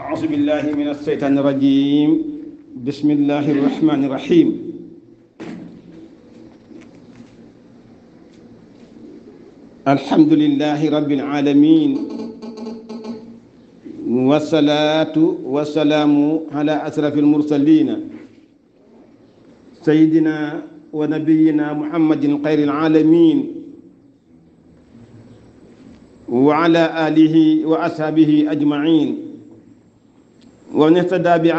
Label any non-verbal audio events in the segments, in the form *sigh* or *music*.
أعوذ بالله من الشيطان الرجيم بسم الله الرحمن الرحيم الحمد لله رب العالمين والصلاة والسلام على أشرف المرسلين سيدنا ونبينا محمد خير العالمين وعلى آله وأصحابه أجمعين ومن اهتدى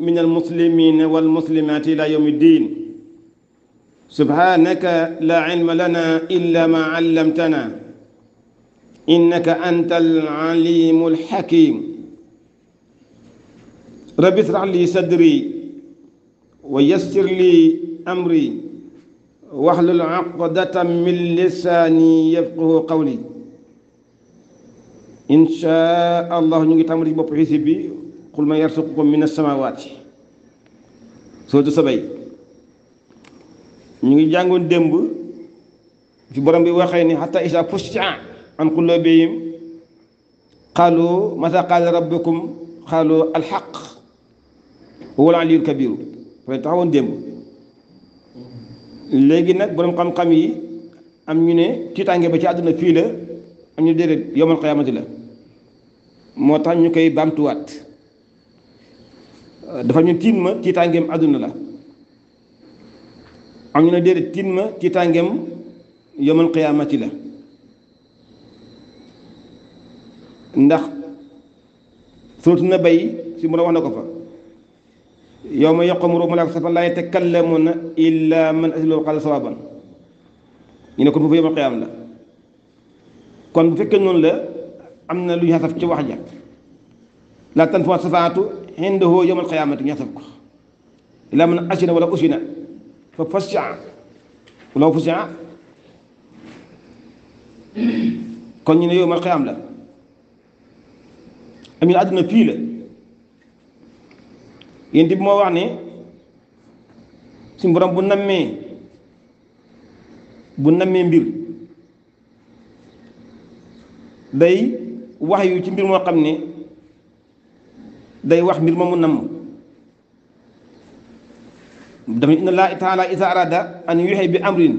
من المسلمين والمسلمات إلى يوم الدين سبحانك لا علم لنا إلا ما علمتنا إنك أنت العليم الحكيم رب اشرح لي صدري ويسر لي أمري واحلل عقدة من لساني يفقه قولي إن شاء الله نيجي تامري بوب حسبي qul man yarzuqukum mina samaawaati sootu sabay ñu ngi jàngoon démb fi borom bi waxee ni xataa isaa fushi'a an quluubihim qaalu mataa qaala rabbukum qaalu alxaq wa huwa al-aliyyul kabiir fay taxawoon démb léegi nag borom xam-xam yi am ñu ne tiitaange ba ci àdduna fii am ñu déedéet yawmal qiyaamati la moo tax ñu koy baamtuwaat dafa ñu tin ma ci tangem aduna la am ñu ne tin ma ci tangem yomul qiyamati la ndax sootu na bay ci mu wax na ko fa yawma yaqumu yaqomu roo malaaka safa laa yatakallamuna illa man azlu qala sawaban ñu ne ko fu yomul qiyam la kon bu fekkee noonu la amna lu ñu xaf ci wax ja la tanfau safatu عنده يوم القيامة يثبك إلا من أسن ولا أسن ففسع ولو فسع كن يوم القيامة أمي أمين أدنى فيلة يندي بما سنبرم بنمي بنمي مبير day wax yu ci mbir moo xam ne day wax mbir ma mu namm dafa inna laahi taala isa arada an yuxe bi amrin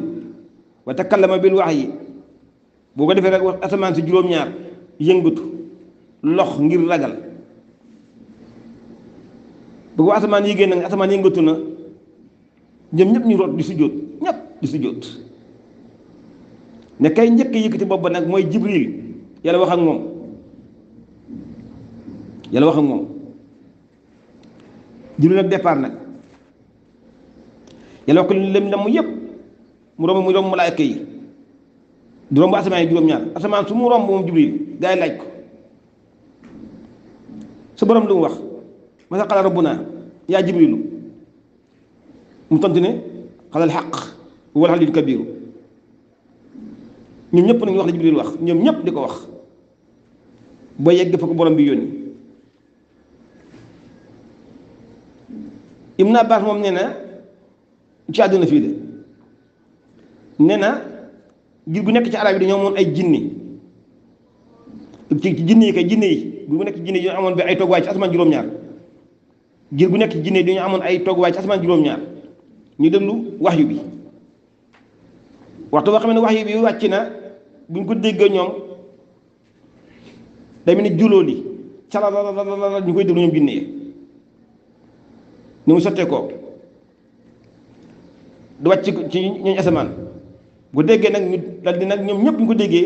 wa takallama bil wax yi boo ko defee rek wax asamaan si juróom-ñaar yëngatu lox ngir ragal bu ko asamaan yi génn nag asamaan yëngatu na ñoom ñëpp ñu root di sujjóot ñëpp di sujjóot ne kay njëkk yëkkati bopp ba nag mooy jibril yàlla wax ak moom yàlla wax ak moom julli nak départ nak yàlla wax ko lim lam yeb mu rom mu rom malaika yi du rom asman yi ñaar asman su mu rom moom jibril gay laaj ko su borom lu wax ma masa qala rabbuna ya jibril mu tontu ne xalal xaq wala kabir kabiru ñoom ñëpp nañu wax jibril wax ñom ñep diko wax ba yegg fa ko borom bi yoni Ibn Abbas moom nee na ci àdduna fii de nee na ngir bu nekk ci arab yi dañoo amoon ay jinni ci jinni yi kay jinni yi bu nekk ci jinni yi dañoo amoon bi ay toogwaay ci asamaan juróom-ñaar ngir bu nekk ci jinni amoon ay toogwaay ci asamaan ñu déglu waxyu bi waxtu boo xam ne waxyu bi wàcc na buñ ko déggee ñoom day mel ni julóoli calala ñu koy déglu ñoom jinni ni mu sottee ko du wàcc ci ñooñ asamaan bu déggee nag ñu dal di nag ñoom ñëpp ñu ko déggee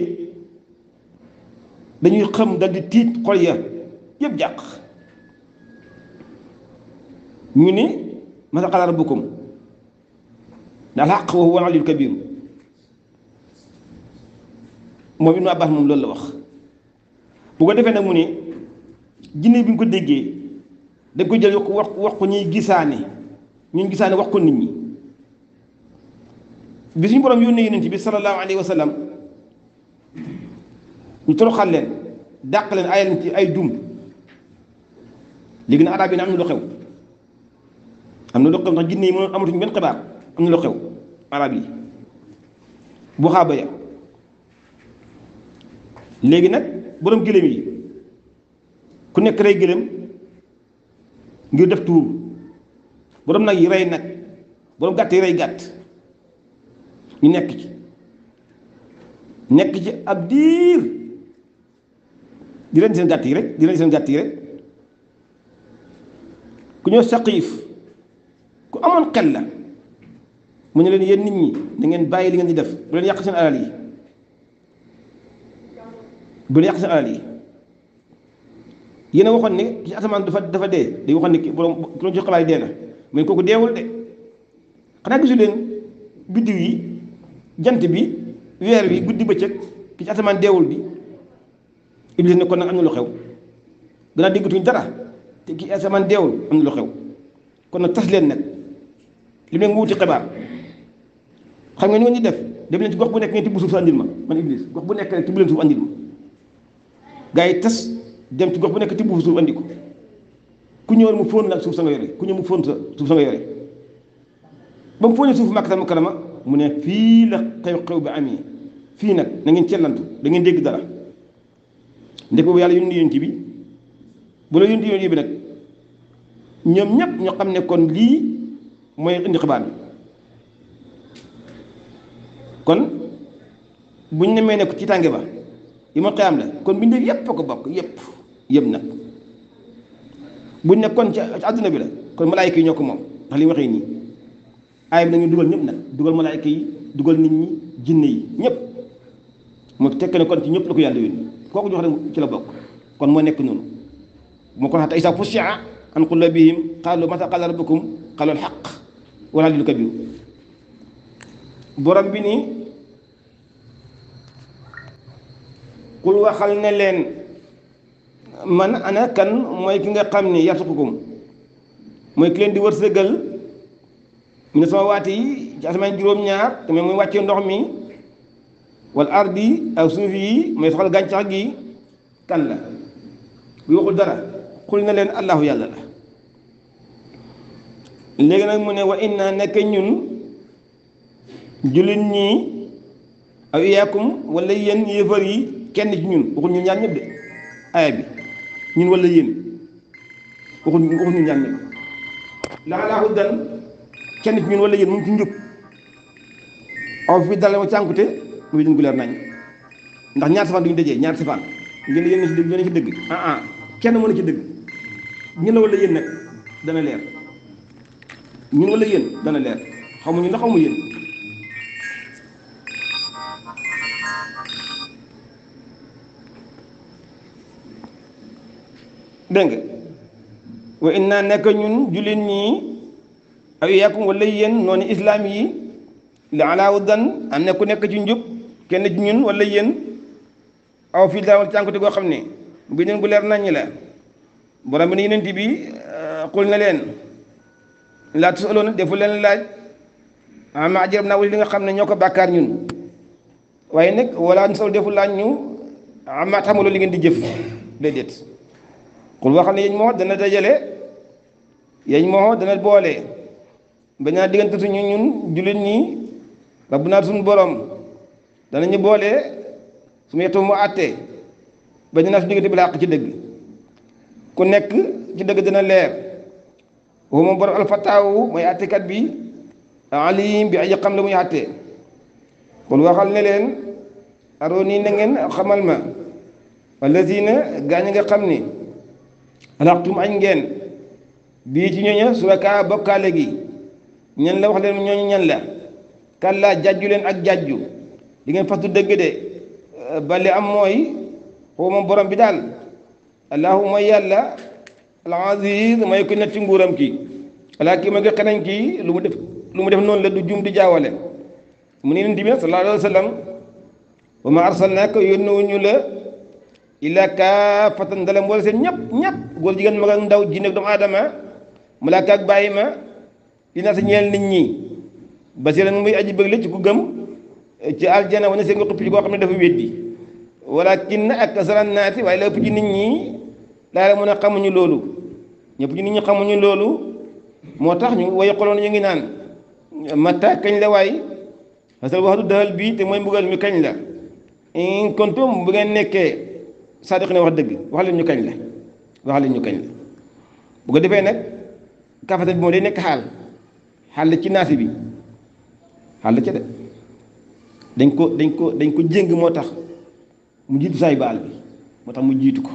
dañuy xam dal tiit xol ya yëpp jàq ñu ni masa xalaat rabbukum daal xaq wa huwa al-aliyyul kabiir moom Ibnu Abbaas moom loolu la wax bu ko defee nag mu ne jinne bi ñu ko déggee dañ ko jël wax wax ko ñuy gisaane ñuy gisaane wax ko nit ñi bi suñu borom yónnee yonent bi sallallahu alayhi wa sallam ñu toroxal leen dàq leen ayal ci ay dum léegi na arab yi ne am na lu xew am na lu xew ndax jinne yi mënoon amatuñu benn xibaar am na lu xew arab yi bu xaaba ya léegi nag borom gëlëm yi ku nekk rey gëlëm ngir def tour borom nak yi rey nag borom gàtt yi rey gàtt ñu nekk ci nekk ci ab diir di len seen gàtt yi rek di len seen gàtt yi rek ku ñëw saqif ku amon xella mu ñu len yeen nit ñi da ngeen bayyi li ngeen di def bu len yaq seen alal yi bu len yaq seen alal yi yéen waxon ni ci asaman dafa dafa de di waxon ni ki borom ku la jox xalaat na mais koku deewul de xana gisu len biddiw yi jant bi wer wi guddi bëccëg ci asaman deewul bi iblis ne kon nak amna lu xew gannaaw déggatuñ dara te ki asaman deewul amna lu xew kon nak tass len nak limi mu ne xam nga ni ngi def dem len ci gox bu nek ngeen tibb suuf andil ma man iblis gox bu nekk rek tibb len suuf andil ma gay tass dem ci gox bu nekk tibb suuf andi ko ku ñëwoon mu fóon la suuf sa nga yore ku ñëw mu fóon sa suuf sa nga yore ba mu fóonee suuf Makkatal Mukarrama mu ne fii la xew-xew bi amee fii nag na ngeen dangeen da ngeen dégg dara ndek boobu yàlla yónni yónni bi bu la yónni nag ñoom ñëpp ñoo xam ne kon lii mooy indi xibaar bi kon buñ ne nekk ci tànge ba yi ma xiyam la kon bindee yëpp a ko bokk yëpp yëpp nag bu ne kon ci àdduna bi la kon malaayka yi ñoo ko moom ndax li waxee nii aay bi nañu dugal ñëpp nag dugal malaayka yi dugal nit ñi jinne yi ñëpp moo tekk ne kon ci ñëpp la ko yàlla yónni kooku jox rek ci la bokk kon moo nekk noonu moo kon xata isa fusia an qulubihim qaalu mata qaala rabbukum qaalu alxaq wala lil kabir borom bi nii qul waxal ne leen man ana kan mooy ki nga xam ni yarsuqukum mooy ki leen di wërsëgal mu ne sama waate yi ci asamaan juróom-ñaar te mooy wàccee ndox mi wal ardi ak suuf yi mooy soxal gàncax gi kan la bu waxul dara xul na leen allahu yàlla la léegi nag mu ne wa inna nekk ñun jullit ñi aw iyaakum walla yenn yéefar yi kenn ci ñun waxul ñun ñaar ñëpp de aaya bi ñun walla yéen waxuñu waxuñu ñaan ñëpp ndax laa ko dal kenn ci ñun walla yéen mu ngi ci njub aw fi dale wa cànkute muy dën gu leer nañ ndax ñaat safaan duñu dajee ñaar safaan ngeen yéen ci dëgg yéen ci dëgg ah, ah. kenn mën na ci dëgg ñun la wala yéen nag dana leer ñun wala yéen dana leer xamuñu ndax dégg nga wa inna nekk ñun jullit ñi aw yàkum wala yéen noonu islaam yi la alaawu dan am na ku nekk ci njub kenn ci ñun wala yéen aw fii daawal cànkute goo xam ne bi neen bu leer naññi la borom bi ne yeneen bi xul euh, na leen laa tusaloona defu leen laaj ama ajërab naa wali li nga xam ne ñoo ko bàkkaar ñun waaye nag wala nu sal defu laaj ñu ama xamuloo li ngeen di jëf déedéet xul waxal ne yeñ moo dana dajale yeñ moo dana boole bañaa diggante suñu ñun jullit ñi rabbu naa suñu borom danañu boole su ma yetoo mu àttee bañ naa su bi làq ci dëgg nekk ci dëgg dana leer woo mooy àttekat bi alim bi xam la muy àttee xul waxal ne leen aroon nii na ngeen xamal ma allazina gaañ nga xam ni alaqtum añ ngeen bii ci ñooña suraka bokkaale gi ñan la wax leen ñooñu ñan la kàllaa jàjju leen ak jàjju di ngeen fastu dëgg de euh, bali am mooy xaw borom bi daal allahu yàlla al-aziz mooy ku ci nguuram ki alaa kii mooy ko xenañ kii lu mu def lu mu def noonu la du jum di jaawale mu ne leen di sallallahu alayhi wa sallam wa ma arsalnaaka yónni wuñu la illa fatan dalam boole sen ñep ñep gol jigen mag ak ndaw malaka ak doomu ak ma dina sa ñeel nit ñi basiran muy aji bëgg kugam, ci ku gem eh, ci aljana wane seen nga ci koo dafa weddi walakin ak nati way la ëpp ci nit ñi daal mën a xamuñu lolu ñep ci nit ñi xamuñu loolu moo ñu way xolon ñu ngi naan mata kañ la way asal waxtu te moy mbugal mi kañ la in kontum bu ngeen nekkee sadiq ne wax dëgg wax leen ñu kañ la wax leen ñu kañ la bu ko defee nag kafatan bi moom day nekk xaal xaal la ci naasi bi xaal la de dañ ko dañ ko dañ ko jéng moo tax mu jiitu saay baal bi moo tax mu jiitu ko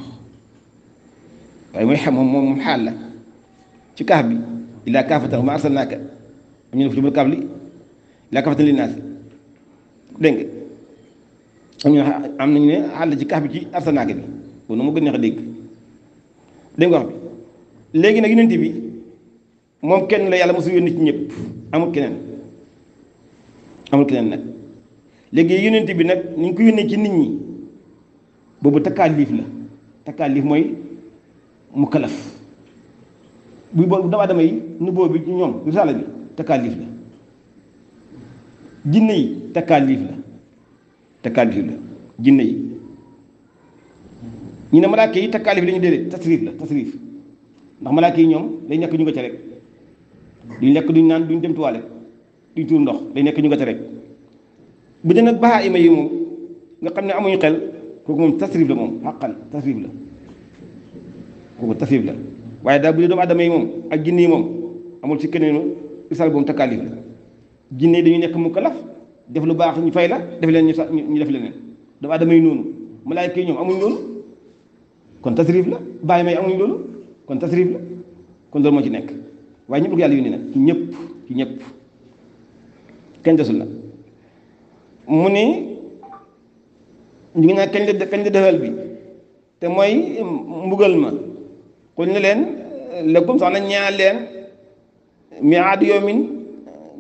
waaye mooy xam moom moom xaal la ci kaaf bi illaa kaafatan ma arsalnaaka ñu ne fu jubal kaaf li illaa kaafatan li naasi dégg am ñu am ne àll ci kax bi ci arsanaake bi bu nu mu gën neex a dégg dégg wax bi léegi nag yonent bi moom kenn la yàlla mosul yónni ci ñëpp amul keneen amul keneen nag léegi yonent bi nag ñu ko yónnee ci nit ñi boobu takkaalif la takkaalif mooy mu kalaf bu boobu dama dama yi nuboo bi ñoom risaala bi takkaalif la jinne yi takkaalif la takaalif la jinne yi ñu ne malaaka yi takaalif lañu déedéet tasrif la tasrif ndax malaaka yi ñoom day nekk ñu nga ca rek duñ lekk duñ naan duñ dem tuwaale duñ tuur ndox day nekk ñu nga ca rek bu dee nag bahaa'ima yi moom nga xam ne amuñ xel kooku moom tasrif la moom xaqan tasrif la kooku tasrif la waaye daal bu dee doomu yi moom ak jinne yi moom amul ci keneenu isaal boobu takaalif la jinne yi dañu nekk mu kalaf def lu baax ñu fay la def leen ñu sa ñu def leneen doomu aadama yi noonu malaayka yi ñoom amuñ loolu kon tasrif la bàyyi may amuñ kon tasrif la kon loolu moo ci nekk waaye ñëpp yi ko yàlla yónni nag ci ñëpp ci ñëpp kenn desul la mu ni ñu ngi naan kañ la defal bi te mooy mbugal ma xul ne leen lëkkum sax na ñaar leen mi aadu yoomin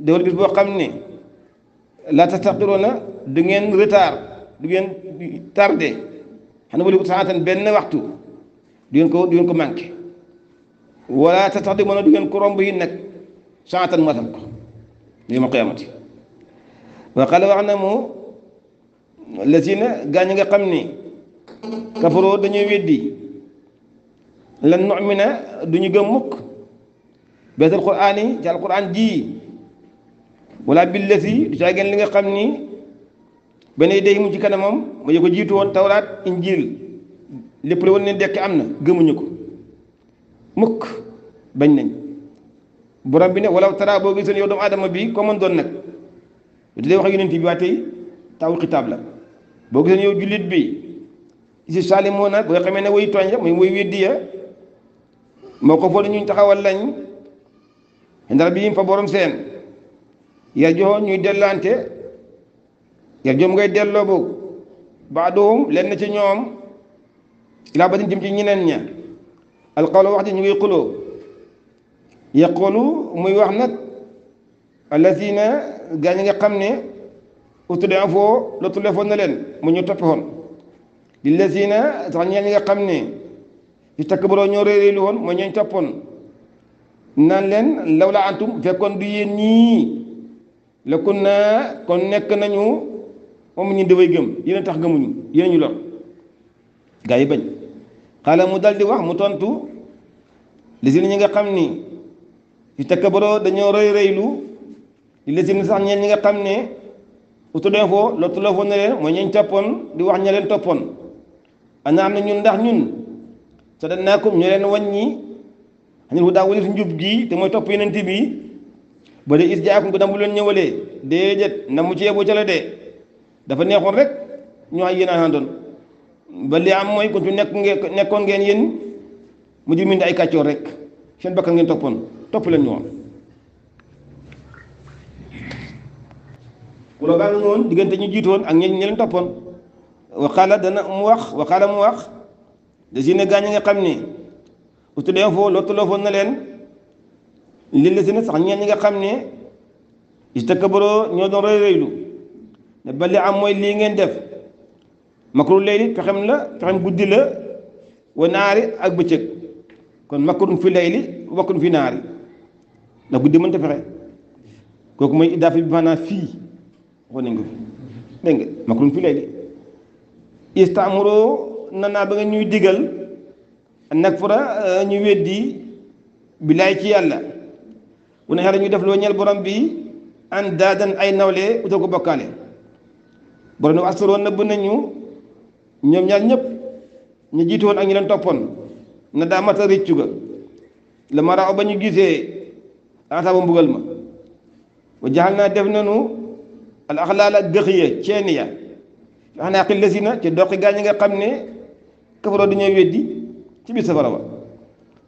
defal bis boo xam ne la tastaqiroona du ngeen retard du ngeen tardé xana wali waxtu du ko du ngeen ko manqué wala tastaqdimoona du ngeen ko romb yi nag saatan matal ko yawmal qiyaamati wa qala wax na mu lasina gaañ nga xam ni kafaroo dañuy lan nu'mina du ñu gëm mukk bees alquraan yi wala billati du caageen li nga xam ni beneen day mu ci kanamam ma ye woon tawraat injil lépp la woon ne dekk am na gëmuñu ko mukk bañ nañ borom bi ne walaw tara boo gisoon yow doomu aadama bi ko mën doon nag di wax ak yonent bi waa tey taw xitaab la boo gisoon yow jullit bi si saali moo nag ba xamee ne woy tooñ la muy woy moo ko foog ñu taxawal lañ ndax bi yim fa borom seen yarjoo ñuy dellante yarjoom ngay delloo bu baaduhum lenn ci ñoom ilaa badin jëm ci ñeneen ña alqawlu wax ñu ngi xuloo muy wax nag allazina gaa ñi nga xam ne utudee foo la tulle foon na leen mu ñu toppoon di lazina sax ñeen ñi nga xam ne yu takk boroo ñoo réeréelu woon mooy ñooñ toppoon naan leen law antum fekkoon du yéen la naa kon nekk nañu moom ñu dafay gëm yéen tax gëmuñu yéen ñu lor gaa yi bañ xaala mu daldi wax mu tontu li si ñi nga xam ni yu takkabaroo dañoo rëy rëylu li si sax ñeen ñi nga xam ne utudee foo lottu loo foo ne mooy ñeñ toppoon di wax ñeleen leen toppoon ana am na ñu ndax ñun sa da naakum ñoo leen wàññi xañul fu daa walit njub gi te mooy topp yeneen bi ba dee is jaakum ko dama bu leen ñëwalee déedéet na mu ceebu ca la dafa neexoon rek ñu ay yéen doon ba li am mooy kuntu nekk ngeen nekkoon ngeen yéen mu di mindi ay kàccoor rek seen bakkan ngeen toppoon topp leen ñu woon kula baa ngi noonu diggante ñu jiitoon ak ñi ñi mu wax waxaala mu wax da si ne gaañ nga xam ni utu leen foo lottuloo foon na leen li la si na sax ñeen ñi nga xam ne istakbaroo ñoo doon rëy rëylu ne ba am mooy lii ngeen def makru layli pexem la pexem guddi la wa naari ak bëccëg kon makrun fi layli wakrun fi naari ndax guddi mënta fexe kooku mooy idaafi fii waxoon nañ ko fi fi layli istamuroo ba nga ñuy a nag fara ñu weddi bilaay ci yàlla bu neexee dañuy def loo ñeel borom bi an daadan ay nawle utal ko bokkaale borom bi astoroon nëbb nañu ñoom ñaar ñëpp ñu jiitoon ak ñu leen toppoon na daa mata réccu ga la maraaw ñu gisee aataaba mbugal ma wa naa def nanu al axlaala gëx ya ceen ya wax naa xil na ci doqi gaa ñi nga xam ne kafaroo dañoo weddi ci biir safara wa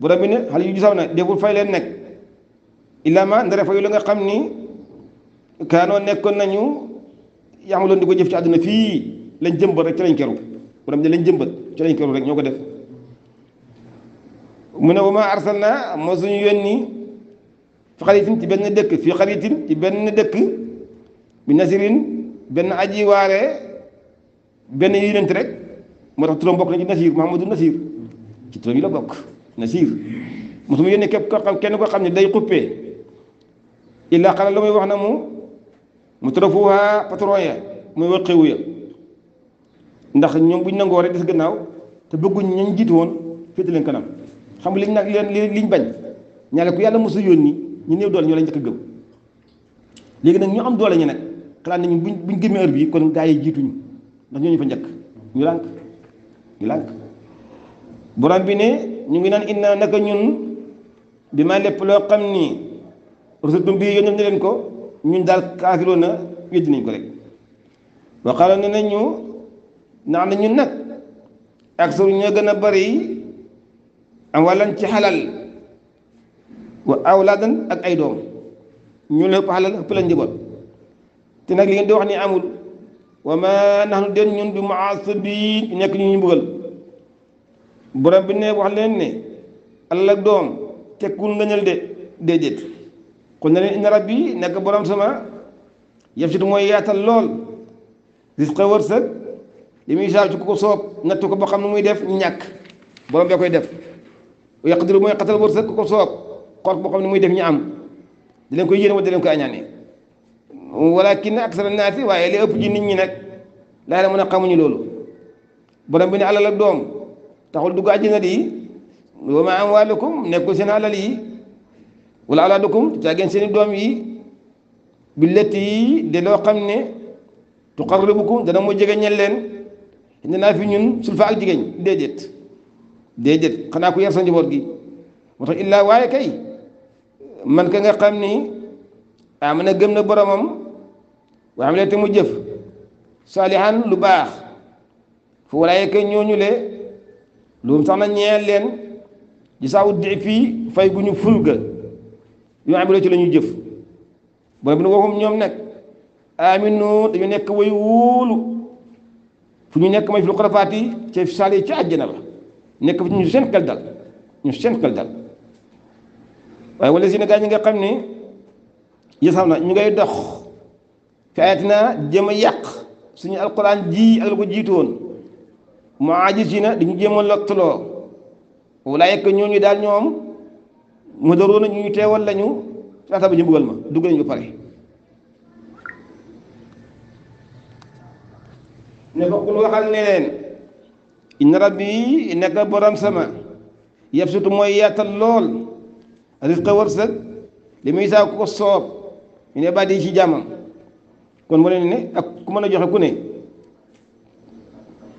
borom bi ne xale yu gisaw na deful fay leen nekk illaa ma ndara fa yu la nga xam ni kaanoo nekkoon nañu yaamaloon di ko jëf ci fii lañ jëmbat rek ci keru borom ne lañ jëmbat ci keru rek ñoo ko def mu ne wa ma arsalna moo fi xaritin ci benn dëkk fii xaritin ci benn dëkk bi nasirin benn aji waare benn yonent rek moo tax turam bokk na ci nasir Muhammadu Nasir ci turam yi la bokk nasir mosuma yónni képp ko kenn ko xam ne day xuppee illa xala lu wax na mu mu tarafuha patron ya muy waqewu ya ndax ñom buñ nangoo rek def gannaaw te bëgguñ ñu jitt woon féete leen kanam xam liñ nak leen liñ bañ ñala ku yalla musu yónni ñu neew dool ñu lañ njëkk gëm legi nak ñu am doole ñi nak xalaat nañu buñ buñ heure bi kon gaay yi jiituñu ndax ñu fa ñëk ñu lank ñu lank borom bi ne ñu ngi naan inna naka ñun bima lepp lo xamni rusultum bii yónnee na leen ko ñun daal kaafiroon na weddi nañ ko rek wa qaala ne nañ ñu ndax na ñun nag aksaru ñoo gën a bari am wàllan ci xalal wa awlaadan ak ay doom ñu la ëpp xalal ëpp la te nag li ngeen di wax ni amul wa ma nahnu den ñun bi mu'azzabin nekk ñu ñu mbugal borom bi ne wax leen ne alal ak doom tekkul ngañal de déedéet kon ne leen inna rabbi nekk borom sama yëf ci mooy yaatal lool risqa wërsëg li muy saab ci ku ko soob nattu ko boo xam ne muy def ñu ñàkk borom bee koy def yaqdiru mooy xatal wërsëg ku ko soob xool boo xam ne muy def ñu am di leen koy yéene wala di leen koy añaane waaye li ëpp nit ñi nekk laa la mën a xamuñu loolu borom bi ne alal ak doom taxul dugg àjjana di wa ma amwaalukum nekkul seen alal yi wala awlaadukum caageen seeni doom yi billati yi de xam ne tuqarribukum dana mu jegeñal leen indi naa fi ñun sulfa ak jigéen déedéet déedéet xanaa ku yar sa njaboot gi moo tax illaa waaye kay man ka nga xam ni amana ah, gëm na boromam wa amila te mu jëf saalihan lu baax fu walaay kay ñooñu le lu mu sax na ñeel leen di saawu di fii fay gu ñu yu amilo ci la ñuy jëf borom bi ne waxum ñoom nag aminu dañu nekk way wóolu fu ñu nekk may fi lu xarafaat yi ci saal yi ci àjjana ba nekk fi ñu seen xel dal ñu seen xel dal waaye wala si ne gaa ñi nga xam ne yasaw na ñu ngay dox fi ayatina jéem a yàq suñu alquran ji ak la ko jiitu woon mu aajis yi na dañu jéem a lottaloo walaayek ñooñu daal ñoom mu daroona ñuy teewal lañu laata ba ñu mbugal ma dugg nañu ba pare ne bokkul waxal ne leen inna rabbi nekk borom sama yab surtout mooy yaatal lool risque wërsëg li muy saa ko soob ñu ne bàddi ci jàmmam kon mu ne ne ak ku mën a joxe ku ne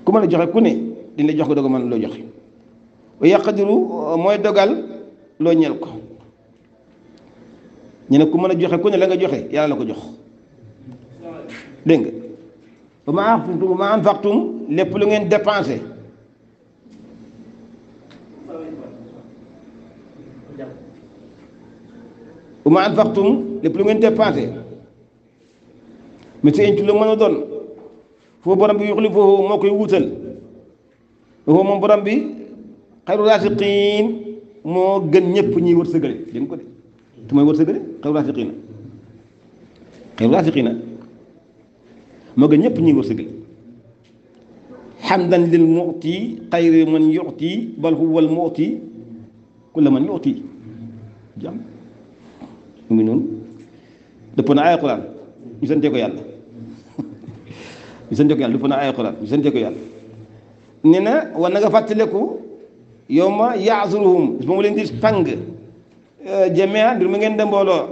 ku mën a joxe ku ne dina jox ko doog a mën loo joxe yaqdiru mooy dogal loo ñeel ko ñu ne ku mëna a joxe ku ne la nga joxe yàlla la ko jox dégg ba ma anfaqtum ma anfaqtum lépp lu ngeen dépenser bu ma anfaqtum lepp lu ngeen dépenser mi si in lu mëna doon fo borom bi yuxlifuhu mo koy wutal foofu moom borom bi xayru raasiqiin moo gën ñëpp ñuy wërsëgale dégg ko de te mooy wërsëgale xew raafiqiina xew raafiqiina moo gën ñëpp ñuy wërsëgale xamdan lil muti xayri man yuti bal huwa al muti kulla man yuti jàmm mu ngi noonu na ay alquran ñu sante ko yàlla *laughs* ñu yàlla dëpp na ay alquran ñu sante ko yàlla nee na war na nga yawma ya'zuruhum bis moom leen di pang eh, jamia ngeen de mbooloo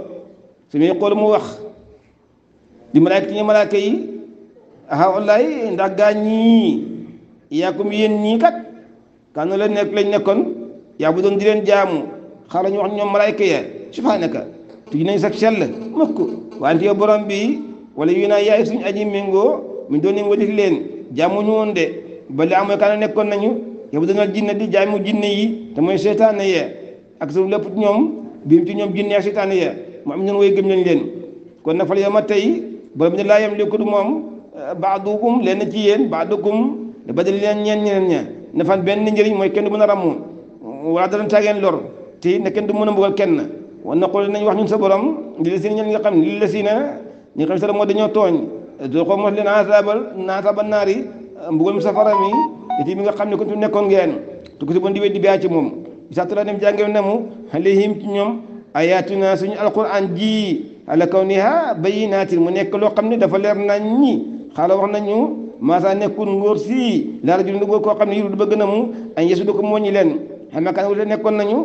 su muy mu wax di malaayka ñu malaayka yi ahawlaay ndax gaa ñii yaakum yéen ñii kat kanu la nekk lañ nekkoon yaa bu doon di leen jaamu xaala ñu wax ñoom malaayka ya subhanaka tuji nañ sag sell mukk wante yow borom bi wala yu naa yaay suñu aji méngoo mi doon nim wadit leen jaamuñu woon de ba la amoy kaana nekkoon nañu yabudunal jinna di jaay mu jinne yi te mooy seytaane yee ak suñu lépp ñoom biim ci ñoom jinne ak seytaane yee mu am ñun way gëm nañ leen kon nag fal yawma tey borom da laa yem li ko du moom eh, baadukum leen ci yéen baadukum da badal leen ñeen ñeneen ña ne fan benn njëriñ mooy kenn du mën a ràmm wala dana tàggeen lor te ne kenn du mën a mbugal kenn wan na xool nañ wax sa borom li la sina ñen nga xam li la sina leen asaabal naa saabal naari mbugal mu safara itim mi nga xamne ko tu nekkon ngeen ko bon di weddi bi ci moom bisatula dem jànge na mu ci ñom ayatuna suñu alquran ji ala kawniha bayinatin mu nekk lo xamne dafa leer nañ ñi xala wax nañu sa nekkul ngor si la jul góor ko xamne ne yurdu bëgg na mu yesu du ko len leen kan wu nekkon nañu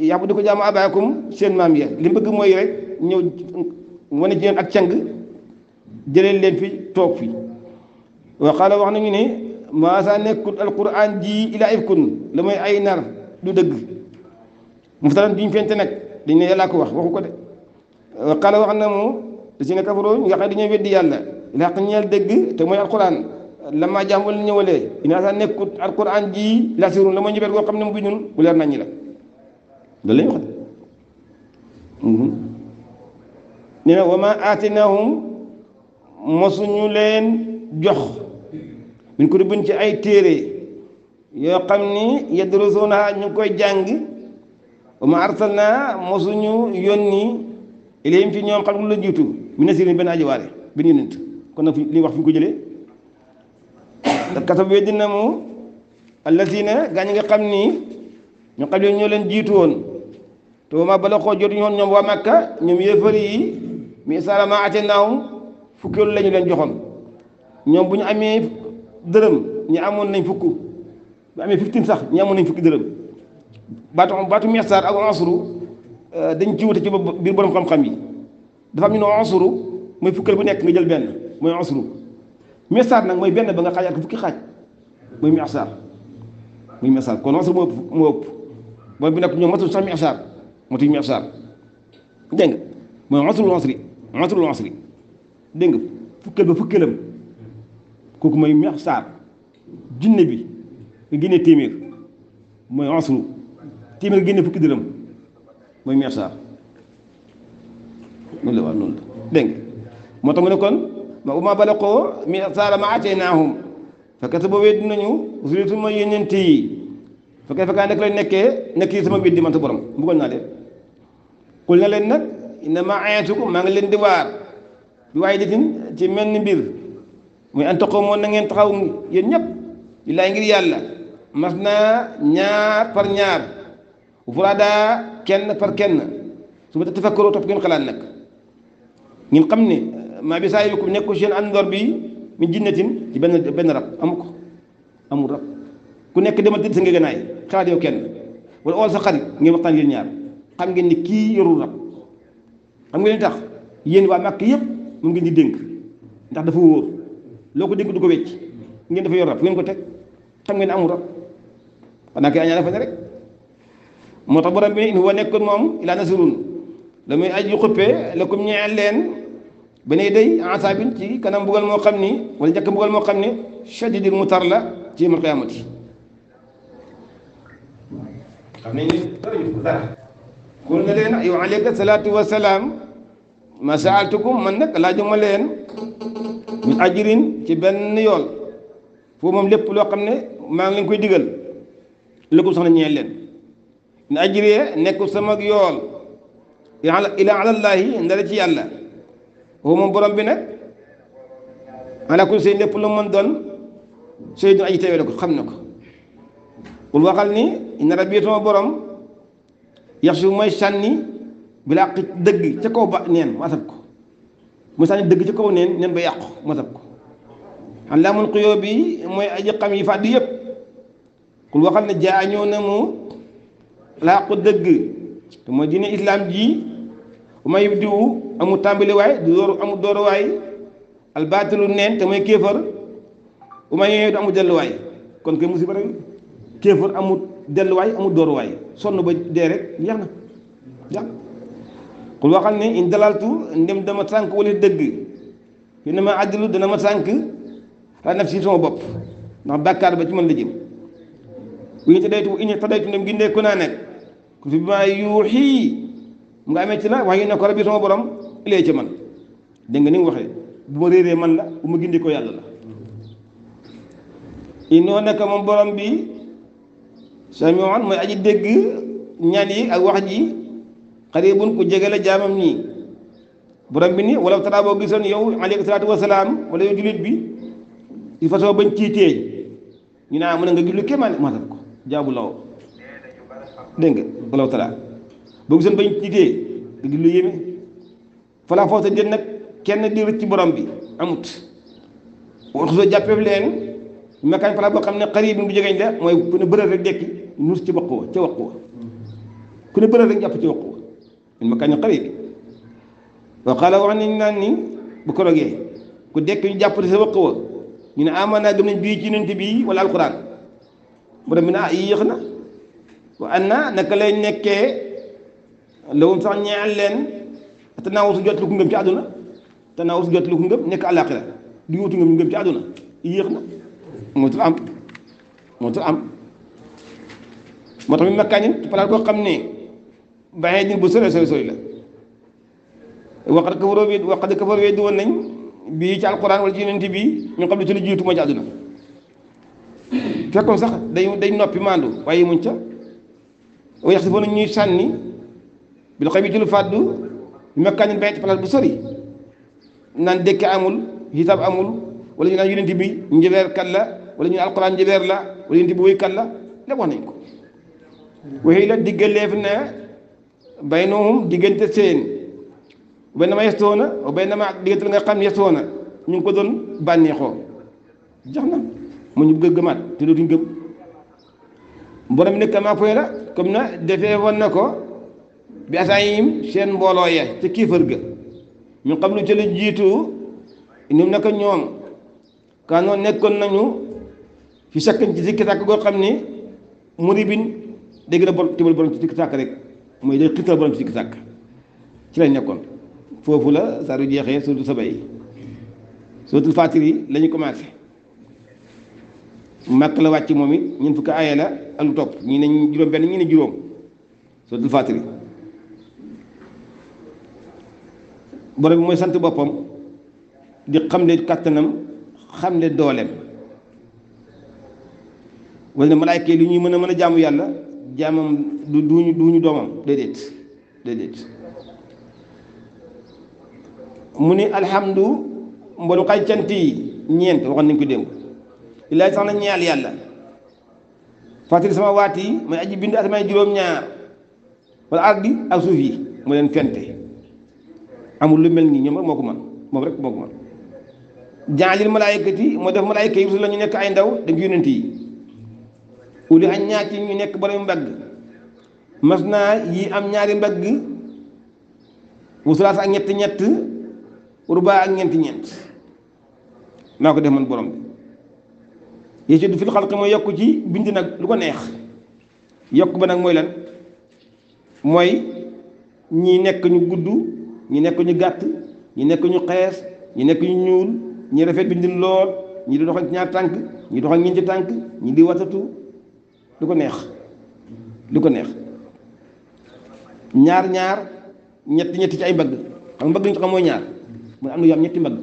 yàbu du ko jamu abaakum seen mam ya li bëgg moy rek ñew wane jeen ak càng jëleen leen fi tok fi wa xaala wax nañu ni maasa nekkut alquran ji ilaa ifkun la mooy ay nar du dëgg muftaran duñ fente nag dañ ne yàllaa ko wax waxu ko de xala wax na mu si ne kafaroo ñi nga xam dañoo weddi yàlla ilaa xaq ñeel dëgg te mooy alquran la maa jaam wala ñëwalee inaa sa nekkut alquran ji la sirun la mooy ñëbet goo xam ne mu bi ñun bu leer nañ la loolu lañu wax de mhm. nee na wa ma aatinaahum mosuñu leen jox buñ ko bind ci ay téere yoo xam ni yadrusuuna ñu ngi koy jàng wa ma arsalna mosuñu yoon ilayhim ci ñoom la jiitu mi nasirin benn aji waare benn yonent kon nag wax fi ñu ko jëlee kasab weddi na mu allasina ñi nga xam ni ñu xam ñoo leen jiitu woon te ma bala xoo jotuñu woon ñoom waa Makka ñoom yéefar yi mi isaara ma ate naawum fukkeelu la leen joxoon ñoom bu ñu amee dërëm ñu amoon nañ fukk bu amee fifteen sax ñi amoon nañ fukki dërëm baatu baatu miqdaar ak ansuru euh, dañ ci wute ci biir borom xam-xam yi dafa am ñu ne ansuru mooy fukkal bu nekk nga jël benn mooy ansuru miqdaar nag mooy benn ba nga xaajaat ko xaaj mooy miqdaar muy miqdaar kon moo ëpp moo ëpp mooy bi nekk ñoom matul sax miqdaar matuñ miqdaar dégg nga mooy ansuru ansri ansuru ansri dégg nga fukkal ba fukkalam kooku mooy meex saar junne bi nga génnee téeméer mooy ansru téeméer nga génnee fukki dërëm mooy meex saar loolu la waaw loolu la dégg nga moo tax mu ne kon ma uma balaqoo meex saara ma ataynaahum fekk sa boo weddi nañu rusulu mooy yónnent yi fekkee fekkaa nekk lañ nekkee nekk yi sama weddi man sa borom bëggoon naa leen kul na leen nag inna ma ayatukum maa ngi leen di waar bi waaye ditin ci mel ni mbir muy antaqumoo na ya ngeen taxaw yeen ñep lillaay ngir yalla masna ñaar par ñaar furaada kenn par kenn su ma tafakkaroo top ngeen xalaat nak ngeen xamne ma bi saa yokku nekku seen andor bi min jinnatin ci ben ben rab amuko amul rab ku nekk dama dëdd sa nga gënaay xalaat yow kenn wala ol sa xarit ngeen waxtan yeen ñaar xam ngeen ni ki yoru rab xam ngeen tax yeen wa makk yeb mu ngi di denk ndax dafa woor loko ko duko du wécc ngeen dafa yor rab ngeen ko tek tam ngeen amu rab ana ke añaane fa rek moo borom bi in huwa nekkul mom ila nasrun damay aj yu xuppé lakum ñeal len bene ba ne day asaabin ci kanam bugal mo xamni wala jakk bugal moo xam ni shadidil mu tar la ci yawmal qiyaamati xam nañ ne dara kon ne leen yow alayka salatu wa salam ma saaltukum man nag laajuma leen min ajrin ci benn yool foofu moom lépp loo xam ne maa ngi leen koy digal lëkkum sax na ñeel leen in ajriya nekkul sama yool ilaa alallaahi ndara ci yàlla foofu moom borom bi nag ala kulli seen lépp lu mën sey dun aji teewee la xam na ko kul waxal ni ina rabbi borom yax su mooy sànni bilaa xi dëgg ca kaw ba neen mu asab ko mu sànni dëgg ca kaw neen neen ba yàqu mu asab ko xam laa mun xuyoo bi mooy aji xam yi fàddu yëpp kul waxal ne jaa ñëw na mu laaqu dëgg te mooy diine islam ji bu may diwu amul tàmbaliwaay du dooru amul dooruwaay albaatilu neen te mooy kéefar bu yooyu du amul delluwaay kon koy musiba rek kéefar amul delluwaay amul dooruwaay sonn ba dee rek jeex na jeex xul waxal ne in dalaltu ndem dama sànk wala dëgg fi ne ma àddilu dana ma sànk ala naf si sama bopp ndax bàkkaar ba ci mën la jëm bu ñu tadaytu in tadaytu ndem gindeeku naa nekk ku fi maa yuuxii mu nga amee ci la wax yi ne ko rabbi sama borom ilee ci man dégg nga ni mu waxee bu ma réeree man la bu ma gindee ko yàlla la inoo naka moom borom bi samion mooy aji dégg ñaan yi ak wax ji xaribun ku jege la jaamam ñii borom bi ni wala taraa gisoon yow alayhi salaatu wasalaam wala yow jullit bi di façon bañ tiitee ñu ne ah, mu ne nga julli kéemaane maatal ko jaabu law dégg nga wala boo gisoon bañ tiitee nga julli yéeme falaa foo sa jën nag kenn di ci borom bi amut waxtu soo jàppee leen mekaan falaa boo xam ne xaribun bu jegeñ la mooy ku ne bërël rek dekki nuus ci wax ko ca wax ko ku ne bërël rek jàpp ci wax ko min makaanin qariib wa qaala wax nañ ni bu korogee ku dekk ñu jàppati sa wëq wa ñu ne amanaa gëm nañ bii ci yonent bii wala alquran borom bi ne ah yéex na wa anna naka lay nekkee lawum sax ñeel leen te naa wasu jot lu ci àdduna te naa wasu jot lu nekk àllaaxira du ñu wutu ngëm ngëm ci yéex na moo tax am moo tax am moo tax palaat boo xam ne bàyyi bu sore sori sori la waqad kafaroo wéet waqad kafaroo wéet woon nañ bii ci alquran wala ci yonent bi ñu xam ne ci lu jiitu moo ci àdduna fekkoon sax day day noppi maandu waaye muñ ca wa yaxsifuuna ñuy sànni bi la xëy bi ci lu fàddu bi mekkaanin bay ci place bu sori naan dëkk amul hisaab amul wala ñu naan yonent bi njëbeer kat la wala ñu ne alquran njëbeer la wala yonent bi wéykat la lépp wax nañ ko waxi la diggalee fi ne baynahum diggante seen bay na ma yestoona bay na ma diggante nga xam yestoona ñu ngi ko doon bànneexoo jox na mu ñu bëgg a gëmaat te dootuñu gëm borom bi nag kama foy la comme na defee woon ko bi asaayim seen mbooloo ya ca kiifar ga ñu xam lu ci la jiitu ñoom naka ñoom nekkoon nañu fi sakkan ci sikki sàkk goo xam ni muribin dégg na bon tibal borom ci sikki sàkk rek mooy day xiirtal borom ci sikk sàkk ci lañ nekkoon foofu la saa du jeexee surtout saba yi surtout fatir yi la ñu commencé màkk la wàcc moom it ñun fukki aaye la ak lu topp ñi ne juróom benn ñi ne juróom surtout fatir yi borom bi mooy sant boppam di xamle kàttanam xam xamle dooleem wala ne malaayka yi li ñuy mën a mën a jàmm yàlla jaamam du duñu duñu doomam déedéet déedéet mu ni alhamdu mboolu xay cant yi ñeent waxoon nañ ko démb illaahi sax na ñaal yàlla fàttali sama waat yi may aji bind asamay juróom-ñaar wala ardi ak suuf yi mu leen fente amul lu mel nii ñoom rek moo ko man moom rek moo ko man jaalil malaayikati moo def malaayika yi rusul la ñu nekk ay ndaw dañ ko yónent uli añ ñaati ñu nekk borom mbagg mas naa yi am ñaari mbagg wasalaasa ak ñett ñett urbaa ak ñeenti ñeent naa ko def man borom bi yési du fil xalq mooy yokk ci bind nag lu ko neex yokk ba nag mooy lan mooy ñi nekk ñu gudd ñi nekk ñu gàtt ñi nekk ñu xees ñi nekk ñu ñuul ñi rafet bind lool ñi di dox ak ñaar tànk ñi dox ak ñeenti tànk ñi di watatu du ko neex du ko neex ñaar ñaar ñetti ñetti ci ay mbagg xam mbagg ñu xam mooy ñaar mu am na yu am ñetti mbagg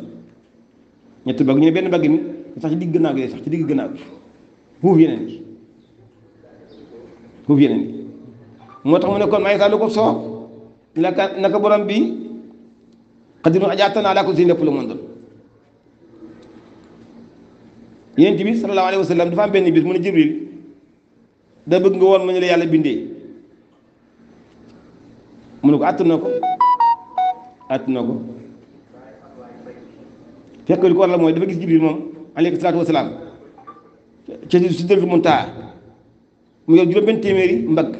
ñetti mbagg ñu benn mbagg ni sax ci digg naag gi sax ci digg gannaaw gi yeneen yi xuuf yeneen yi moo tax mu ne kon may sa lu ko soob naka naka borom bi xadiru ajaatan ala ko si lépp lu mëndal yéen bi sallallahu alayhi wasallam dafa am benn bis mu ne jibril da bëgg nga woon ma ñu la yàlla bindee mu ne ko àtt na ko àtt na ko fekk li ko waral mooy dafa gis jibril moom aleyhi salaatu wa salaam ca si dëkk Muntaha mu yor juróom benn téeméeri mbagg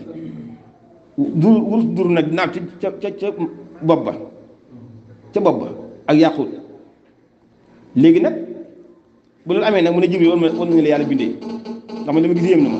dur wurus dur nag naat ca ca ca bopp ba ca bopp ba ak yàquut léegi nag bu loolu amee nag mu ne jibril woon ma woon nañu la yàlla bindee ndax man dama gis yéem na ma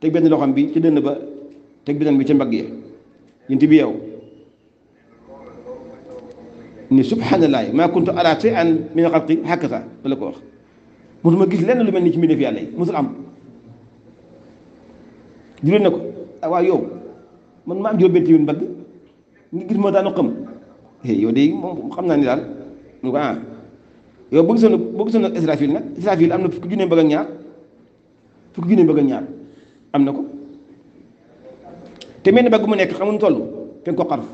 teg benn loxam bi ci dënn ba teg beneen bi ci mbagg ya yénti bi yow ni subhaanallaah maa kuntu araa shay'an min xalqi hakaza la ko wax mosuma gis lenn lu mel ni ci mbindeef yàlla yi mosul am juróom ne ko ah waaw yow man ma am juróom benn mbagg ngi gis moo daanu xam eh, yow de moom xam naa ni daal mu ko ah yow boo gisoon boo gisoon nag Israfil nag Israfil am na fukki junne mbagg ak ñaar fukki junne mbagg ñaar am na ko te menn bagg mu nekk xamun toll fi nga ko xarf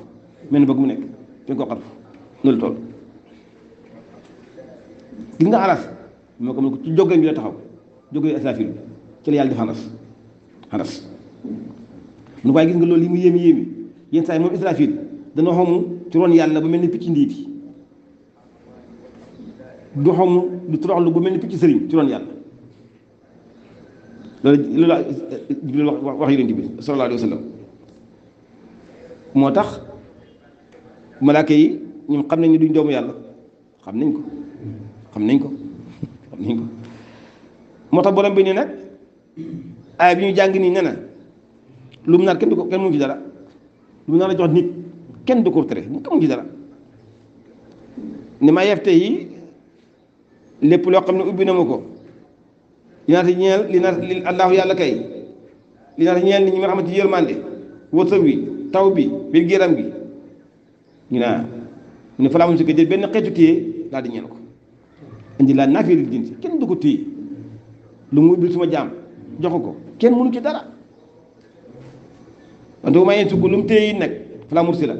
menn bagg mu nekk fi nga ko xarf noonu toll gis nga aras moo ko mën ko ci jógee bi la taxaw jógee asafir bi ci la yàlla def xanas xanas mu ne waaye gis nga loolu yi mu yéemi yéemi yenn saa yi moom israfil dana xamu ci ron yàlla ba mel ni picc ndiiti du xamu du toroxlu ba mel ni picc sëriñ ci ron yàlla loolu la Jibril wax wax yonent bi sallallahu alayhi wa sallam moo tax malaaka yi ñoom xam nañ ne duñ doomu yàlla xam nañ ko xam nañ ko xam nañ ko moo tax borom bi nii nag aaya bi ñu jàng nii nee na lu kenn du kenn mu ci dara mu naan jox kenn du ko tere kenn mu ci dara ni ma yefte yi lépp loo xam ne ubbi na ma ko li naata ñeel li naata li allahu yàlla kay li naata ñeel nit ñi nga xamante ni yërmande wërsëg wi taw bi biir géram gi ñu naa mu ne fa laa mun si ko jël benn xeetu téye daal di ñeel ko indi laa naafee li jin si kenn du ko téye lu mu ubbil suma jaam jox ko kenn mënu ci dara wante bu mayee sukk lu mu téye yi nag fa laa mursi la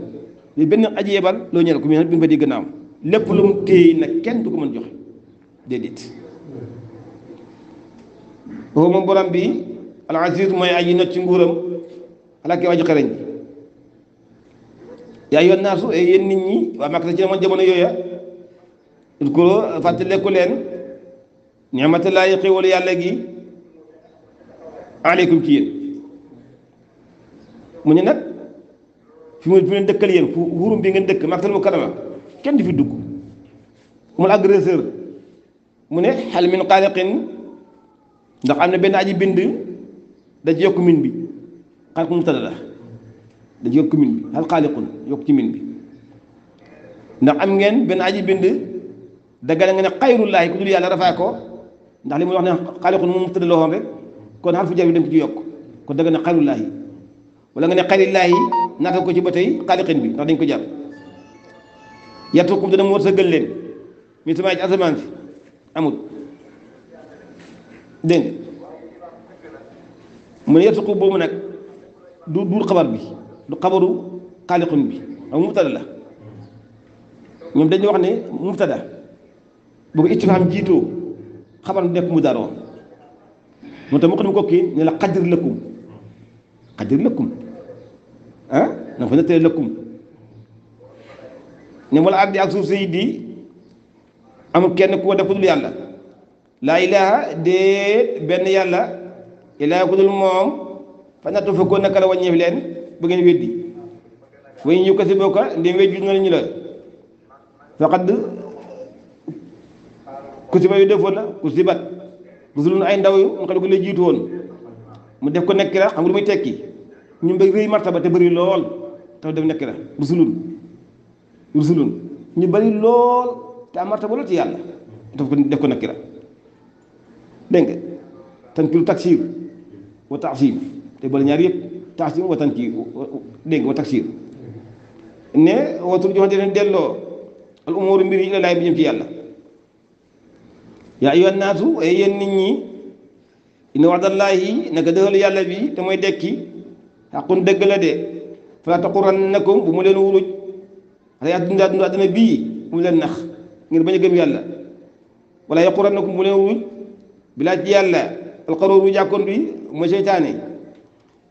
li benn aji yebal loo ñeel ko mu ne bi mu fa di gannaaw lépp lu mu téye yi nag kenn du ko mën joxe déedéet boobu moom borom bi al aziz mooy aji not ci nguuram alaaki aji xarañ yaa yoon naasu yéen nit ñi waa Makka ci man jamono yooya udkuru fàttaleku leen ni'matallaahi xéwalu yàlla gi aleykum ci yéen mu ne nag fi mu fi leen dëkkal yéen fu wurum bi ngeen dëkk Makkatal Mukarrama kenn du fi dugg mu agresseur mu ne hal min qaaliqin ndax am na benn aji bind da ci yokk min bi xalqu mubtada la da ci yokk min bi hal xaaliqun yokk ci min bi ndax am ngeen benn aji bind dagale nga ne xayrullaahi ku dul yàlla rafaa ko ndax li muy wax ne xaaliqun mu mubtada la woon rek kon xarfu jar bi dem ci yokk kon daga ne xayrullaahi wala nga ne xayrillaahi naka ko ci ba tey xaaliqin bi ndax dañ ko jàpp yartukum dana mu war sa gël leen mi sama ci asamaan fi amut dégg mu ne yettuku boobu nag du du xabar bi du xabaru xaaliqun bi xam mubtada la ñoom dañuy wax ne mubtada bu ko ittifaam jiitoo xabar bi nekk mu daaroo moo tax mu xam ne kokki ne la xadir lëkkum xadir lëkkum ah na fa nettalee lëkkum ne wala ardi ak suuf si di amul kenn ku ko def ku dul yàlla laa ilaaha déet benn yàlla ilaaha ku dul moom fa fa ko naka la wàññeef leen bu ngeen weddi way ñu ko si bokka ndem weddi noonu ñu la faqad ku si yu defoon na ku si rusulun ay ndaw yu mu xam ne la jiitu woon mu def ko nekk la xam nga lu muy tekki ñu bëgg rëy martaba te bëri lool tax def nekk la rusulun rusulun ñu bëri lool te am martaba lool ci yàlla daf ko def ko nekk la dégg nga tankiru taksir wa taasim te bala ñaar yëpp taasim wa tanki dégg nga wa taksir ne watul de leen delloo al umuru mbir yi ila laay bi jëm ci yàlla yaa ayyuhan naasu ay yéen nit ñi inna wa'dallaahi naka dëxalu bi te mooy dekki xaqun dëgg la de falaa taxurrannakum bu mu leen wuruj xale yaa dundaa dundaa dina bii mu leen nax ngir bañ a gëm yàlla wala yaxurrannakum bu mu leen wuruj bilaa ci yàlla alxaruur bu jàkkoon mooy seytaane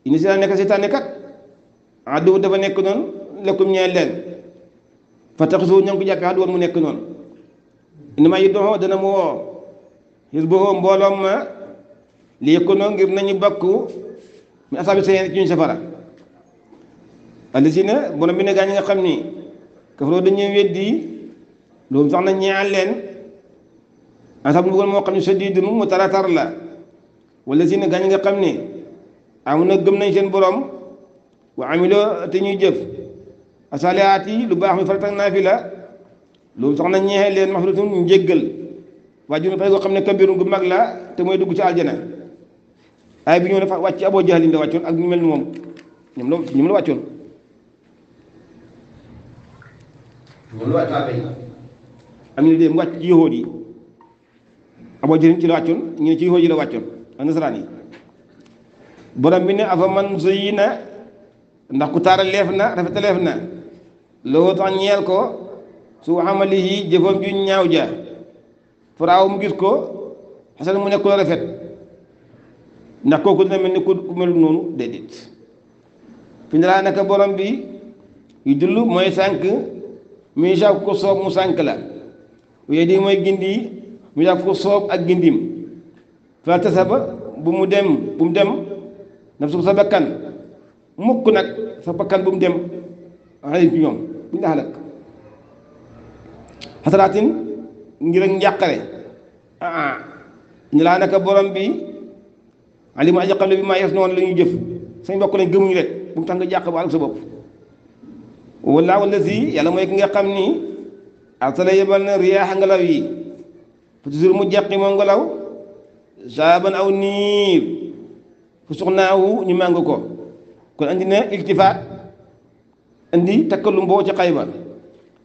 indi seytaane nekk seytaane kat addu dafa nekk noonu lekkum ñeel leen fa tax soo ña ngi ko jàkk mu nekk noonu inama yi doxoo dana mu woo xis boo mbooloom ma li yëkkoonoo ngir nañu bokk mi asaabi seen ci ñu safara alisina borom bi ne gaa ñi nga xam ni kafaroo dañuy weddi loolu sax na ñaan leen ata mbugal moo xam ne shadiidun mu taratar la wala si ne gaañ nga xam ne amu na gëm nañ seen borom wa amiloo te ñuy jëf asalihaat yi lu baax mi farata ak naafila loolu sax na ñeexee leen maxfiratun ñu jéggal waa jur pay koo xam ne kabiru gu mag la te mooy dugg ci aljana ay bi ñëw dafa wàcc aboo jahalin da wàccoon ak ñu mel ni moom ñoom la ñoom la wàccoon ñoom la wàccoon am ñu dem wàcc ci yahood yi aboo jëriñ ci la wàccoon ñu ne ci yahud la wàccoon ak nasaraan yi borom bi ne afa man na ndax ku taara leef na rafetaleef na loolu tax ñeel ko su yi jëfam ju ñaaw ja faraaw mu gis ko xasan mu nekk la rafet ndax kooku dina mel ni ku melu noonu déedéet fi ndaa naka borom bi yu dullu mooy sànq muy sànq ko soob mu sànq la wéy di mooy gindi mu yàgg ko soob ak gindim fa tasaba bu mu dem bu mu dem naf su sa bakkan mukk nag sa bakkan bu mu dem xëy ci ñoom bu ñu la xalak xasalaatin ngir ak njàqare aa ñu laa naka borom bi alimu aji xam ne bi maa yes noonu la jëf sañ bokk lañ gëmuñu rek bu mu tax nga jàq ba ak sa bopp wallaahu lazi yàlla mooy ki nga xam ni arsala yebal na riyaax ngelaw yi fu toujours mu jeqi moom ngelaw saaban aw niir fu soxnaawu ñu màng ko kon andi na iltifaat andi takkalum boo ci xayba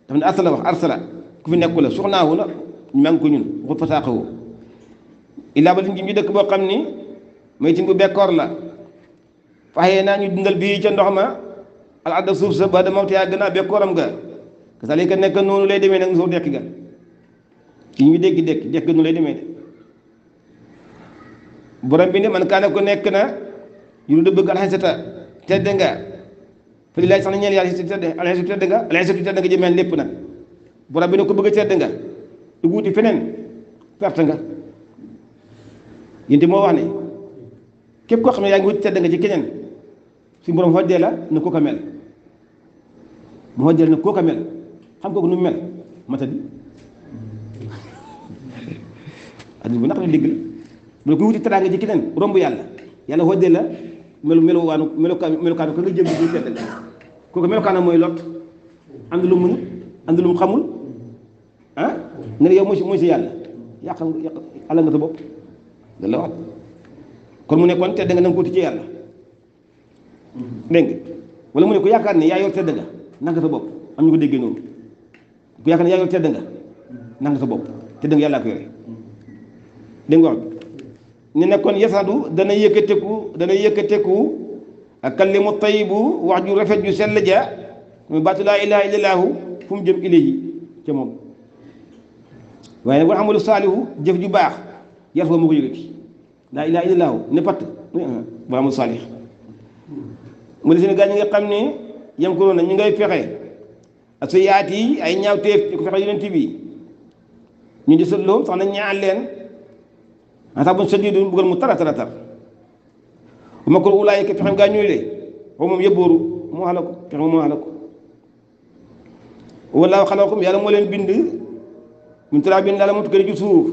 daf ne arsala wax arsala ku fi nekku la soxnaawu la ñu màng ko ñun waxul fasaaxawu illaa ba liñ ji ñu dëkk boo xam ni may tin bu bekkoor la faxee naa ñu dundal bi ca ndox ma al adda suuf sa ba da mawtiyaa gën a bekkooram ga kasaalika nekk noonu lay demee nag suuf dekk ga ci ñu dégg dégg dégg nu lay demee de borom bi ne man kaana ko nekk na yu du bëgg alxasata tedd nga fa di laaj sax na ñeel yàlla tedd alxasatu tedd nga alxasatu tedd nga jëmeen lépp na borom bi ne ko bëgg tedd nga du wuti feneen perte nga yindi moo wax ne képp koo xam ne yaa ngi wuti tedd nga ci keneen si borom xoddee la na ko mel mu xoddee na ko ko mel xam ko nu mel mata bi xadis bu nak la mu bu ko wuti teraanga ji keneen rombu yalla yalla hodde la melu melu melu wanu meluwaanu melu melukaan ko nga jëm bu ko la kooku melukaanam moy lot and lu mënut and lu xamul han ah? nga ne yow mooy si mooy si yàlla ala nga sa bop da la wat kon mu ne kon tedd nga nang ko wuti ci yalla deng wala mu ne ko yaakaar ne yaa yor tedd nga nang sa bop am ñu ko déggee noonu ku yaakaar ne yaa yor tedd nga nang sa bop tedd nga yalla ko yoree dégg nga ñu ne kon yasadu dana yëkkateku dana yëkkateku ak kalimu tayibu wax ju rafet ju sell ja muy baatu laa ilaha illallahu mu jëm ilay yi ca moom waaye nag wal amalu jëf ju baax yas wa mu ko yëkkati laa ilaha illallahu ne patt wal amalu saalih mu ne seen gaa ñi nga xam ne yam ko na ñu ngay fexe ak sa yaat yi ay ñaawteef ñu ko fexe yonent bi ñu jësalloo sax nañ ñaan leen asaabun shadiidun mbugal mu tara tara tar bu ma ko ulaayika pexem gaa ñooy de boobu moom yëbbooru moo xala ko pexe moo xala ko wallaahu xalaqakum yàlla moo leen bind min turaabin daal mu tukkee ci suuf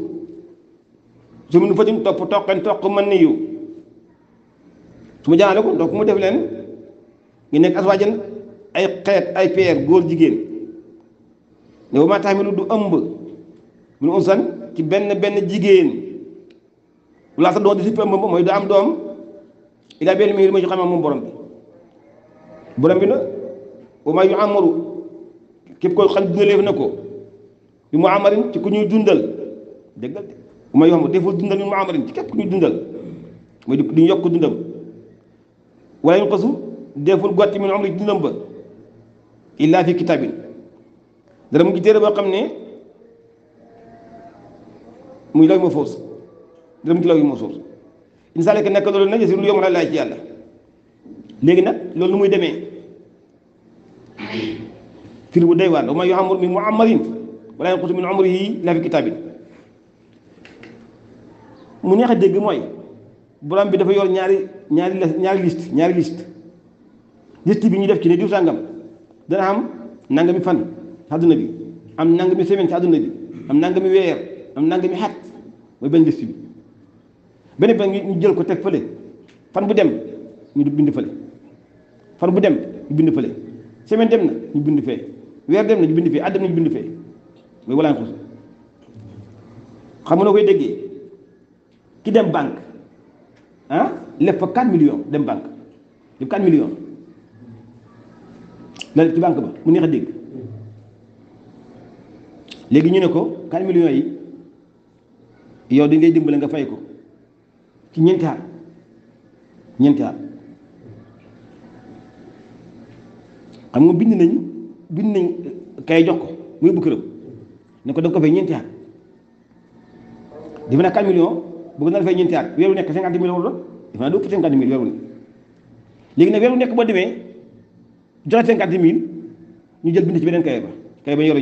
su mu nu fatin topp toqen toq mën ni su ma jaanale ko donc mu def leen ngi nekk aswaajan ay xeet ay peer góor jigéen ne wa maa taxmilu du ëmb min unsan ci benn benn jigéen bu laa sa doom di sippam moom mooy du am doom ilaa benn mi ma ci xamee moom borom bi borom bi na wa maa yu amaru képp koo xam dundaleef na ko yu mu amarin ci ku ñuy dundal déggal de wa maa yu amaru deful dundal mu amarin ci képp ku ñuy dundal mooy du yokk dundam wala ñu xasu deful gotti min amri dundam ba illaa fi kitaabin dara mu ngi téere boo xam ne muy lay ma foofu dem ci law yi moo insa lekk nek loolu na yasiru lu allah ci yàlla legi nak loolu muy deme firi bu day waar wa man yu'ammar min muhammadin wala yaqut min umrihi la fi kitabin mu nexa deg moy buram bi dafa yor ñaari ñaari ñaari list ñaari list list bi ñu def ci ne diou sàngam dana am nangami fan aduna bi am nangami semaine ci aduna bi am nangami weer am nangami hat moy ben list bi benn benn ñu jël ko teg fële fan bu dem ñu bind fële fan bu dem ñu bind fële semaine dem na ñu bind fee weer dem na ñu bind fee at dem na ñu bind fee mooy walaan xam nga noo koy déggee ki dem bank ah leb fa 4 dem banque def 4 millions la def ci banque ba mu neex a dégg léegi ñu ne ko 4 millions yi yow di ngay dimbale nga fay ko ci ñeenti at ñeenti at xam nga bind nañ bind nañ kay jox ko muy bu këram ko def ko fay ñeenti at defe naa 4 millions bëgg na dafay ñeenti at weeru nekk 50 millions weeru nekk léegi nag weeru nekk boo demee joxe 50 mille ñu jël bind ci beneen kay ba kay ba yore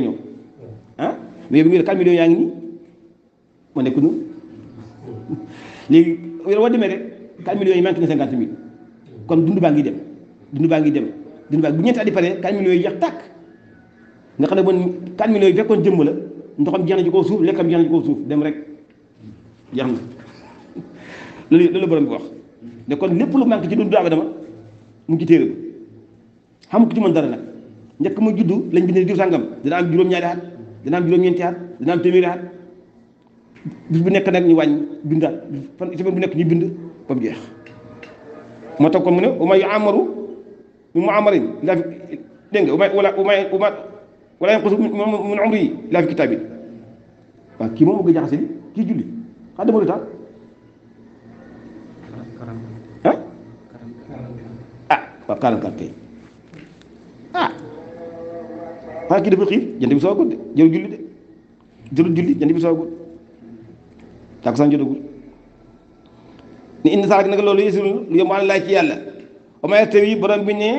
ah mais yow bi ñu 4 millions yaa ngi nii ma nekk noonu *laughs* léegi. weer woo demee rek 4 millions yi manqué na 50 mille kon dundu baa ngi dem dundu baa ngi dem dund baa bu ñetti at di pare 4 millions yi jeex tàkk nga xam ne bon 4 millions yi fekkoon jëmm la ndoxam jeex na ci kaw suuf lekkam jeex na ci dem rek jeex na *laughs* loolu loolu la borom kon lépp lu manqué ci dundu Aadama mu ngi ci téere ba dara nag njëkk juddu lañ bind diw sàngam dina am juróom-ñaari at dina am juróom-ñeenti at dina am téeméeri at bis bu nekk nag ñu wàññi ñu bind ba mu jeex moo tax kon mu ne uma yu amaru min mu amarin laa fi dégg nga wala uma uma wala yi laa fi kii moom bëgg jaxase li kii julli xaa dama tax ah ah waaw kay ah xanaa kii dafa xiif jant bi soo gudd de jëru julli jant bi soo gudd takkusaan jotagul ni indi sax nag loolu yësul lu yombaale laaj ci yàlla omaya taw yi bi ne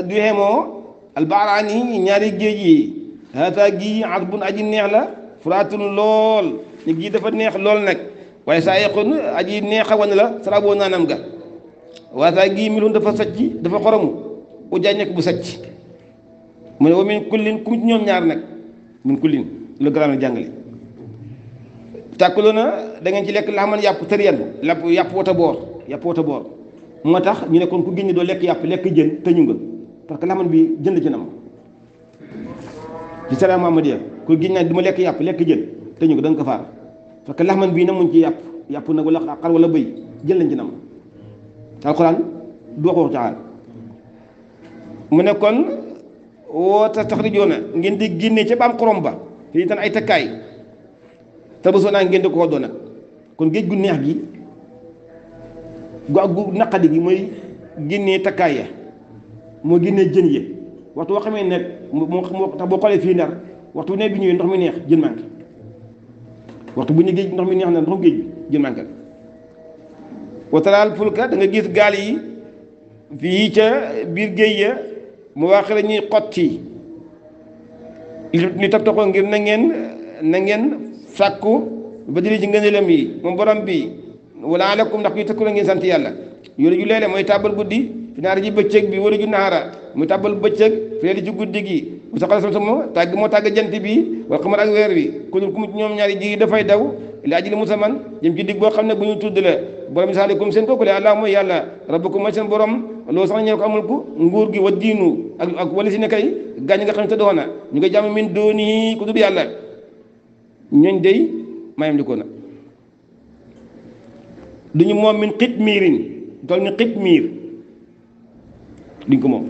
euh, du xemoo ñaari géej yi haata gi asbun aji neex la furaatun lool ni gi dafa neex lool nag waaye saa yaqun aji neex a la saraboo naanam ga waaye saa gi milun dafa sacc dafa xoromu u jaay nekk bu sacc mu ne wa min kullin kum ci ñoom ñaar nag min kullin lu garaam la jàngale tàkkaloo na da ngeen ci lek la man yap yendu lapp yàpp wata boor yàpp wata boor moo tax ñu ne kon ku do lek yap lek jeen te ñu nga parce que man bi ci nam ci sara mamadiya ku génne na jenam. lek yap lek jeen te ñu nga dang ko faa parce que bi na mu ci yap yap na wala xal wala jeen lañ ci nam alquran du mu ne kon ngeen di ci baam xorom ba tan ay tabasoo naa ngeen di ko doon nag kon géej gu neex gi gu ak gu naqadi gi mooy génnee takkaay ya moo génnee jën yi waxtu boo xamee ne moo tax boo xoolee fii ndar waxtu bu ne bi ñëwee ndox mi neex jën manqué waxtu bu ñu géej ndox mi neex na ndox géej jën manqué la wataraal fulka da nga gis gaal yi fii ca biir géej ya mu waa xira ñuy xotti li tab taxoo ngir na ngeen ngeen sàkku ba jëlee ci ngëneelam yi moom borom bi wala alakum ndax kuy tëkku la ngeen sant yàlla yooyu ju leele mooy tàbbal guddi fi naara ji bëccëg bi wala ju naara muy tàbbal bëccëg fi leele ci guddi gi bu saxala sam tàgg moo tàgg jant bi wala xamar ak weer bi ku dul ñoom ñaari ji dafay daw li ajili musaman jëm ci dig boo xam ne bu ñu tudd la borom bi saalikum seen kooku le àllaa mooy yàlla rabbukum mooy seen borom loolu sax ñëw ko amul gi wa diinu ak ak wala si ne kay gaañ nga xam ne nga jàmm min dooni ku dul yàlla ñooñ day mayam di ko na du ñu moom min xit miirin toll ni xit miir duñ ko moom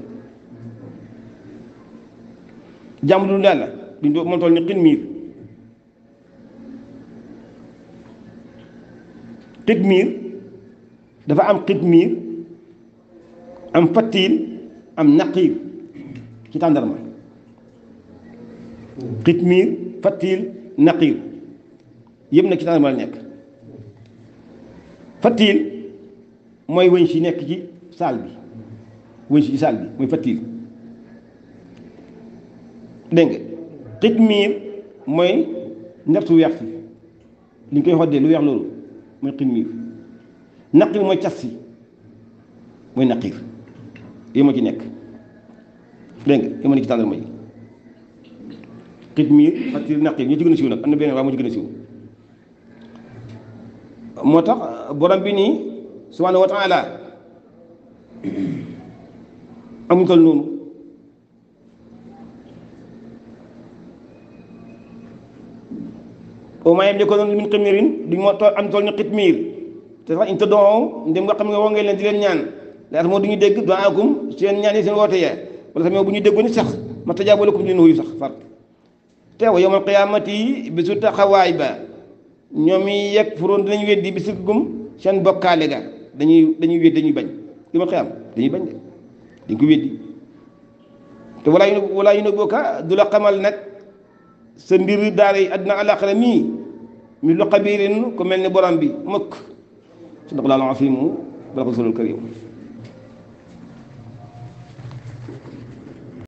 jàmm du daal la duñ ko moom toll ni xit miir xit miir dafa am xit miir am fattiir am naqiir ci tàndarma xit miir fattiir naqiir yëpp nag ci tàndarma la nekk fattiil mooy wëñ ci nekk ci saal bi wëñ si ci saal bi mooy fattiil dégg nga xitmiir mooy neftu weex si li ñu koy xoddee lu weex loolu mooy xitmiir naqiir mooy cas si mooy naqiir yooyu moo ci nekk dégg nga yooyu moo nekk ci tàndarma ji xidmiir fatir naqiir ñu ci gën a siiw na beneen waaye moo ci gën a siiw moo tax borom bi nii subhaanahu wa taala amuñu toll noonu au moins yëpp ko doon min xidmiirin duñ te sax in ta doon ndem nga xam nga woo ngeen leen di leen ñaan laata moo duñu dégg doon akum seen ñaan yi seen woote yee wala sax bu ñu déggoon sax ma tajaabu lakum li nuyu sax teew yowmal qiyaamati yi bisu taxawaay ba ñoom yi yegg furoon dinañ weddi bi si gum seen bokkaale ga dañuy dañuy weddi dañuy bañ yowmal qiyaam dañuy bañ de dañ ko weddi te walaa yu walaa yu ne bokka du la xamal nag sa mbir daara yi àddina àllaaxira mii mi lu xabirin ku mel ni borom bi mëkk sadaqallaahu al-aziim wa rasuulul kariim